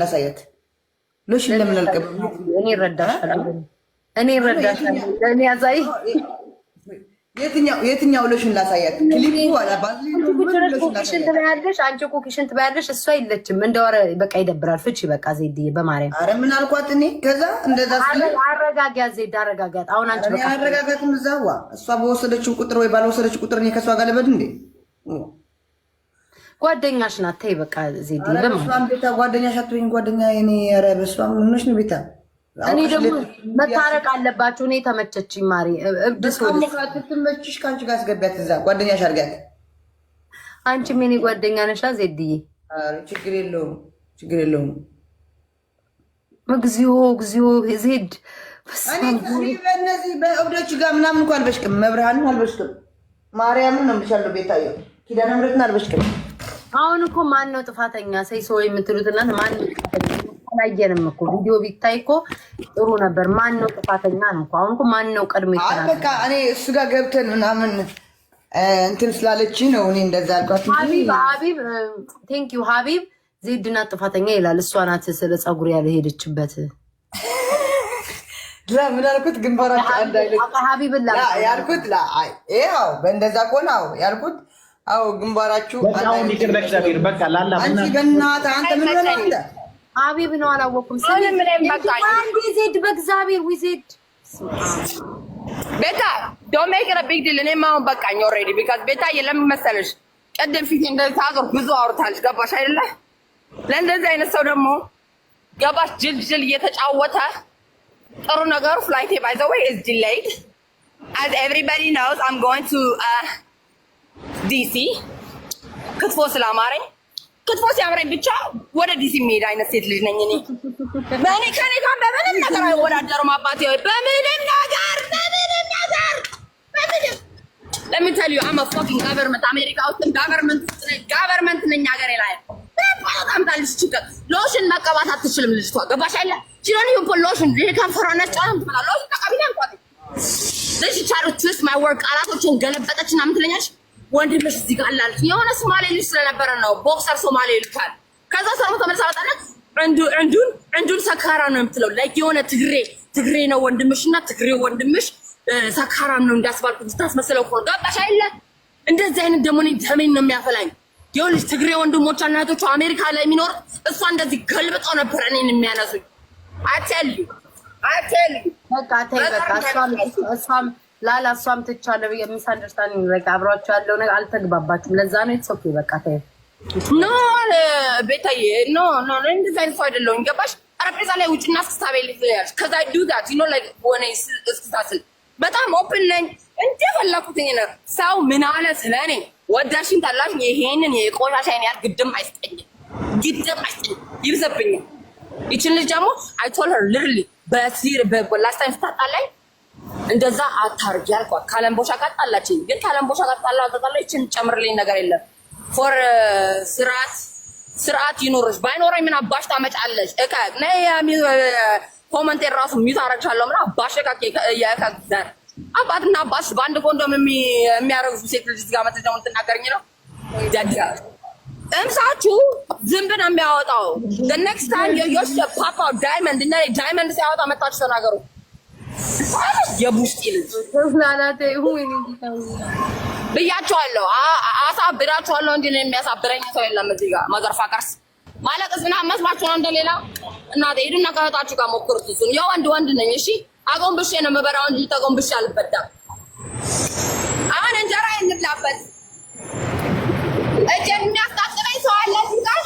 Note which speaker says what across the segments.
Speaker 1: ሎሽን ላሳያት። ሎሽን ለምን አልቀብም?
Speaker 2: እኔ እረዳሻለሁ፣ እኔ እረዳሻለሁ። ለእኔ ያሳይ።
Speaker 1: የትኛው ሎሽን ላሳያት? ክሊፕ
Speaker 2: ትበያለሽ፣ አንቺ እኮ ኩሽን ትበያለሽ። እሷ የለችም። እንደወረ በቃ ይደብራል። ፍቺ በቃ ዜድ፣ በማርያም
Speaker 1: አረ ምን አልኳት እኔ። ከዛ እንደዛ
Speaker 2: አረጋጊያት፣ ዜድ አረጋጋት። አሁን አንቺ
Speaker 1: አረጋጋትም እዛዋ እሷ በወሰደችው ቁጥር ወይ ባልወሰደችው ቁጥር እኔ ከእሷ ጋር ልበድ እንዴ?
Speaker 2: ጓደኛሽ ናት። ተይ በቃ ዜድ ቤታ
Speaker 1: ጓደኛሽ አትበይኝ። ጓደኛ እኔ ኧረ በስመ ነው ቤታ።
Speaker 2: እኔ ደግሞ መታረቅ አለባችሁ። እኔ ተመቸችኝ ማሪ እብድ
Speaker 1: ከአንቺ ጋር አስገቢያት እዛ ጓደኛሽ አድርጊያት።
Speaker 2: አንቺ የኔ ጓደኛ ነሻ ዜድዬ።
Speaker 1: ችግር የለውም ችግር የለውም።
Speaker 2: እግዚኦ እግዚኦ ዜድ
Speaker 1: በእነዚህ በእብዶች ጋር ምናምን እኮ አልበሽቅም። መብርሃንን አልበሽቅም። ማርያምን ነው የምልሻለሁ ቤታየው ኪዳነ ምሕረትን አልበሽቅም።
Speaker 2: አሁን እኮ ማን ነው ጥፋተኛ? ሰይ ሰው የምትሉት እናት ማን አላየንም እኮ ቪዲዮ ቢታይ እኮ ጥሩ ነበር። ማን ነው ጥፋተኛ ነው እኮ አሁን እኮ ማን ነው ቀድሞ
Speaker 1: ይችላል። በቃ እኔ እሱ ጋር ገብተን ምናምን እንትን ስላለች ነው እኔ እንደዛ አልኳት።
Speaker 2: ሀቢብ ሀቢብ ቴንክ ዩ ሀቢብ ዜድ ናት ጥፋተኛ ይላል። እሷ ናት ስለ ፀጉር ያለ ሄደችበት
Speaker 1: ምን አልኩት? ግንባራቸው
Speaker 2: አንድ አይነት ሀቢብላ
Speaker 1: ያልኩት ላ ይኸው በእንደዛ ቆናው ያልኩት አዎ ግንባራችሁ
Speaker 3: በጣም ይቅር ለእግዚአብሔር። በቃ ላላ አንቺ
Speaker 1: በእናትህ አንተ ምን ሆነ እንደ
Speaker 2: አቢብ ነው አላወኩም። ስለዚህ አንድ ዜድ በእግዚአብሔር ዊዜድ
Speaker 4: ቤታ ዶንት ሜክ ኢት አ ቢግ ዲል። እኔማ አሁን በቃኝ ኦልሬዲ ቢካዝ ቤታ የለም መሰለሽ ቅድም ፊት እንደዚህ ታዞር ብዙ አውርታለች። ገባሽ አይደለ? ለእንደዚህ አይነት ሰው ደግሞ ገባሽ ጅልጅል እየተጫወተ ጥሩ ነገሩ ፍላይቴ ባይ ዘ ዌይ ኢዝ ዲሌይድ አዝ ኤቭሪባዲ ኖውስ አም ጎይንግ ቱ ዲሲ ክትፎ ስላማረኝ ክትፎ ሲያምረኝ ብቻ ወደ ዲሲ የሚሄድ አይነት ሴት ልጅ ነኝ እኔ። በእኔ ከኔ ጋር በምንም ነገር አይወዳደሩም። አባቴ ሆይ በምንም ነገር በምንም ነገር በምንም ለምንተል ዩ አመ ፎኪንግ ጋቨርንመንት አሜሪካ ውስጥ ጋቨርንመንት ጋቨርንመንት ነኝ ሀገሬ ላይ ታምጣልሽ ችግር ሎሽን መቀባት አትችልም ልጅቷ ገባሽ አለ ችሎን ዩ ሎሽን ከንፈሯነች ጫም ትበላ ሎሽን ተቀቢላ እንኳ ልጅ ቻሮች ውስጥ ማይወርቅ ቃላቶችን ገለበጠችና ምትለኛች ወንድምሽ እዚህ ጋር አላለች። የሆነ ሶማሌ ልጅ ስለነበረ ነው ቦክሰር ሶማሌ ይሉታል። ከዛ ሰሩ ተመልሳ መጣለች። እንዱን እንዱን ሰካራ ነው የምትለው ላይ የሆነ ትግሬ ትግሬ ነው ወንድምሽ እና ትግሬ ወንድምሽ ሰካራ ነው እንዳስባልኩ ታስመስለው እኮ ገባሽ አይደለ? እንደዚህ አይነት ደግሞ እኔ ደሜን ነው የሚያፈላኝ። የሆነ ትግሬ ወንድሞቿ እና እህቶቿ አሜሪካ ላይ የሚኖር እሷ እንደዚህ ገልብጠው ነበር እኔን የሚያነሱኝ። አቴል አቴል
Speaker 2: በቃ ተይ በቃ እሷም ላላ እሷም ትቻለው የሚስ አንደርስታንዲንግ በቃ አብሯቸው ያለው ነገር አልተግባባችም። ለዛ ነው የተሰኩ በቃ ተይ
Speaker 4: ኖ ቤታዬ ኖ ኖ እንደዛ አይነት ሰው አይደለሁም። ገባሽ? ጠረጴዛ ላይ ውጭና ስሳቤ ልያል ከዛ ዱዳት ኖ ላይ ሆነ እስክሳስል በጣም ኦፕን ነኝ። እንደ ፈለኩትኝ ነ ሰው ምን አለ ስለኔ ወዳሽን ታላሽ ይሄንን የቆሻሻ ያህል ግድም አይስጠኝ ግድም አይስጠኝ ይብዘብኛል። ይችን ልጅ ደግሞ አይቶል ሄር ሊትራሊ በሲር በላስታይም ስታጣላኝ እንደዛ አታርጊ አልኳት። ካለምቦሻ ጋር ጣላችኝ። ግን ካለምቦሻ ጋር ጣላ ተጣላ ይችን ጨምርልኝ ነገር የለም ፎር ስርዓት ስርዓት ይኖርሽ ባይኖረኝ ምን አባሽ ታመጫለሽ? እከ ነያሚ ኮመንቴ ራሱ ሚት አረግሻለሁ ምን አባሽ እከ የእከ ዘር አባትና አባሽ በአንድ ኮንዶም የሚያረግዙ ሴት ልጅ ጋር መተሽ ደግሞ ትናገረኝ ነው ዳዳ እምሳችሁ ዝንብ ነው የሚያወጣው። ኔክስት ታይም time you use the pop out diamond እና diamond ሲያወጣ መታችሁ ተናገሩ። የቡስጢ ልጅ ብያቸዋለሁ፣ አሳብዳቸዋለሁ። እንዲ የሚያሳብረኝ ሰው የለም እዚህ ጋር መገርፋ ቀርስ ማለቅስ ምናምን መስማችሁ ነው እንደሌላ። እናቴ ሂዱና ከእህታችሁ ጋር ሞክሩት። እሱን የወንድ ወንድ ነኝ። እሺ አጎንብሼ ነው የምበላው እንጂ ተጎንብሼ አልበዳም። አሁን እንጀራ እንብላበት። እጄን የሚያስታጥበኝ ሰው አለ እዚህ ጋር?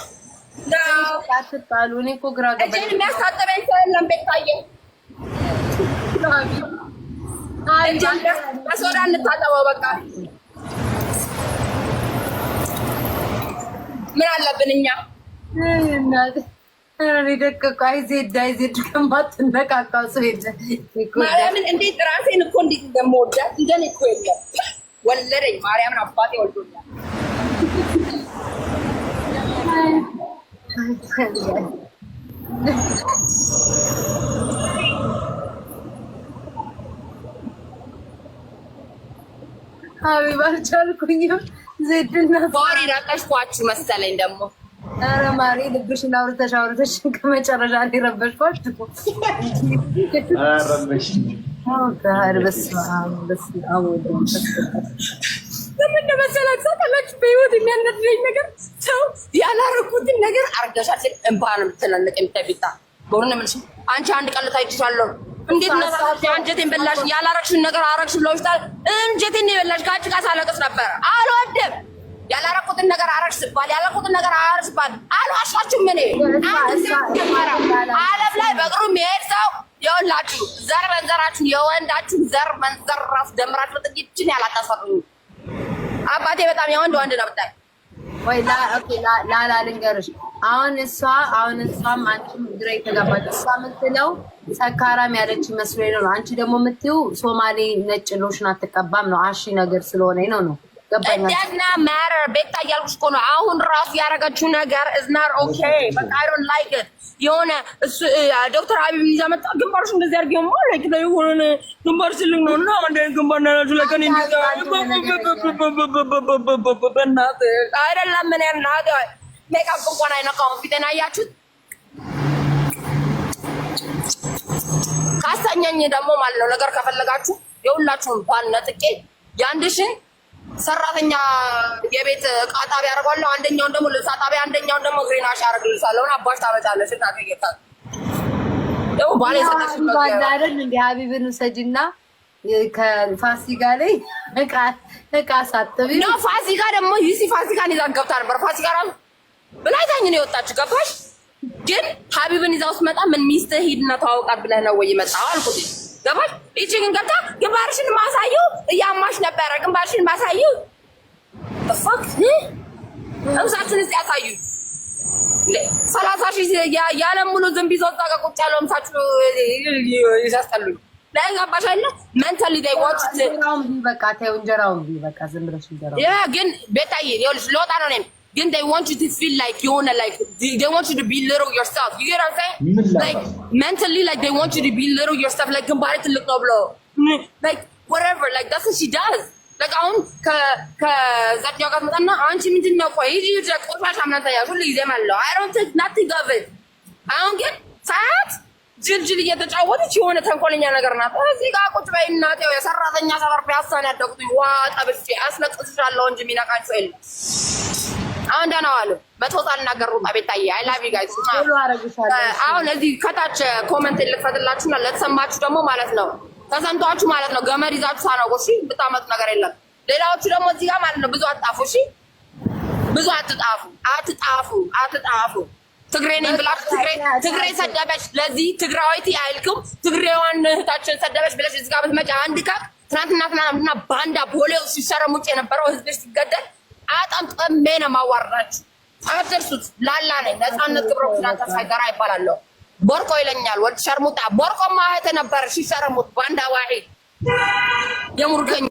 Speaker 4: እጄን የሚያስታጥበኝ ሰው የለም ቤታዬ በሶዳ እንታጠበው በቃ ምን አለብን እኛ
Speaker 2: ደቀቀ አይዜድ አይዜድ ከማትነቃቃ ሰው የለም።
Speaker 4: ማርያምን እንዴት ራሴን እኮ እንዴት እንደምወዳት እንደኔ እኮ የለም። ወለደኝ ማርያምን አባቴ ወልዶኛል።
Speaker 2: ሀቢባ አልቻልኩኝም። ዜድና
Speaker 4: ባሪ ረበሽኳችሁ መሰለኝ ደግሞ
Speaker 2: ኧረ ማሪ ልብሽን አውርተሽ አውርተሽ ከመጨረሻ ላይ ረበሽኳችሁ። መሰላት ሰው ተመች በህይወት የሚያነድረኝ ነገር ሰው
Speaker 4: ያላረኩትን ነገር አርገሻችን እንባ ነው የምታይ ቢታ በሆነ ምልሽ አንቺ አንድ ቀን ልታይ እንዴት ነው አንጀቴን በላሽ። ያላረግሽውን ነገር አረግሽ ብለውሽታል። እንጀቴን የበላሽ ከአንቺ ጋር ሳለቅስ ነበረ። አልወድም ያላረኩትን ነገር አረግሽ ስባል ያላረኩትን ነገር አረግሽ ስባል አልዋሻችሁም። እኔ ዓለም ላይ በእግሩ የሚሄድ ሰው የወላችሁ ዘር መንዘራችሁን የወንዳችሁን ዘር መንዘር ራሱ ደምራችሁ ጥቂችን ያላታሰሩኝ አባቴ በጣም የወንድ ወንድ ነው ብታይ
Speaker 2: ወይ ላ ኦኬ ላ ላ ልንገርሽ አሁን እሷ አሁን እሷም አንቺም ግራ የተጋባች እሷ የምትለው ሰካራም ያለች መስሎኝ ነው። አንቺ ደግሞ የምትይው ሶማሌ ነጭ ሎሽን አትቀባም ነው አሺ ነገር ስለሆነ ነው ነው
Speaker 4: እንደና ማረር ቤታ እያልኩሽ እኮ ነው። አሁን ራሱ ያደረገችው ነገር እዝናር ኦኬ በቃ አይ ዶንት ላይክ የሆነ እሱ ዶክተር አቢብ ይዛ መጣ። ግንባርሽ እንደዚህ አድርጊ ማ ላይክ ላይ ሆነ ግንባር ስልክ ነው እና አንድ ግንባር ናላችሁ ለቀን እንደዛ አይደለም ምን ያናደ ሜካፕ እንኳን አይነካውም። ፊቴን አያችሁት? ካሳኛኝ ደግሞ ማለት ነው ነገር ከፈለጋችሁ የሁላችሁም ባል ነጥቄ የአንድሽን ሰራተኛ የቤት እቃ ጣቢያ አደርጋለሁ፣ አንደኛውን ደግሞ ልብስ ጣቢያ፣ አንደኛውን ደግሞ ግሪናሽ አደርግልሻለሁ። አባሽ ታበጫለሽ እና ከጌታል ፋሲካ ደግሞ ይሲ ፋሲካን ይዛን ገብታ ነበር ፋሲካ ራሱ ብላታኝ ነው የወጣችሁ። ገባሽ? ግን ሀቢብን ይዛው ስትመጣ ምን ሚስትህ ሂድና ተዋውቃት ብለህ ነው ወይ የመጣው አልኩት። ገባሽ? ይቺ ግን ገብታ ግንባርሽን ማሳየው እያማሽ ነበረ። ግንባርሽን ማሳየው በፋክ እምሳችን እስቲ ያሳዩ። ሰላሳ ሺህ የዓለም ሙሉ ዝንብ ይዞ እዛ ጋ ቁጭ ያለው እምሳችሁ ይሳስጠሉኝ። ለጋባሽ መንታሊ ዋች
Speaker 2: ዝም ብለሽ
Speaker 4: ያ ግን ቤታዬ ልወጣ ነው እኔም ግን they want you to feel like you wanna like they want you to be little yourself you get what I'm saying like mentally like they want you to be little yourself like ግንባሬ ትልቅ ነው ብሎ like whatever like that's what she does like አሁን ከዛኛው ጋር መጣና አንቺ ምንድን ነው ቆይ ይሄ ይሄ ቆሻሻ ምናምን ታያለሽ ሁሉ ጊዜ ማለት ነው I don't take nothing of it i አሁን ግን ሰዓት ጅልጅል እየተጫወተች የሆነ ተንኮለኛ ነገር ናት። እዚህ ጋር ቁጭ በይ እናቴ፣ የሰራተኛ ሰፈር ፒያሳን ያደጉት ዋ ጠብቼ አስለቅስሻለሁ እንጂ የሚነቃቸው የለም። አሁን ደህና ዋሉ። በቶታ ልናገሩ ቤታዬ አይ ላቭ ዩ ጋይስ። አሁን እዚህ ከታች ኮመንት ልትፈትላችሁና ለተሰማችሁ ደግሞ ማለት ነው ተሰምቷችሁ ማለት ነው ገመድ ይዛችሁ ሳናውቁ እሺ፣ ብታመጡ ነገር የለም። ሌላዎቹ ደግሞ እዚህ ጋር ማለት ነው ብዙ አጣፉ እሺ፣ ብዙ አትጣፉ፣ አትጣፉ፣ አትጣፉ። ትግሬ ነኝ ብላችሁ ትግሬ ትግሬ ሰደበች፣ ለዚህ ትግራዊት አይልክም ትግሬዋን እህታችን ሰደበች ብለሽ እዚህ ጋር ብትመጪ አንድ ካክ ትናንትና ትናንትና ባንዳ ቦሌው ሲሸረሙጭ የነበረው ህዝብ ሲገደል አጠምጥሜ ነው የማዋርዳችሁ። አትርሱት። ላላ ነኝ። ነፃነት ግብረኩና ተስፋዬ ጋራ ይባላለሁ። ቦርቆ ይለኛል። ወድ ሸርሙጣ ቦርቆ ማህተ ነበር ሺ ባንዳ ዋሂድ የሙርገኝ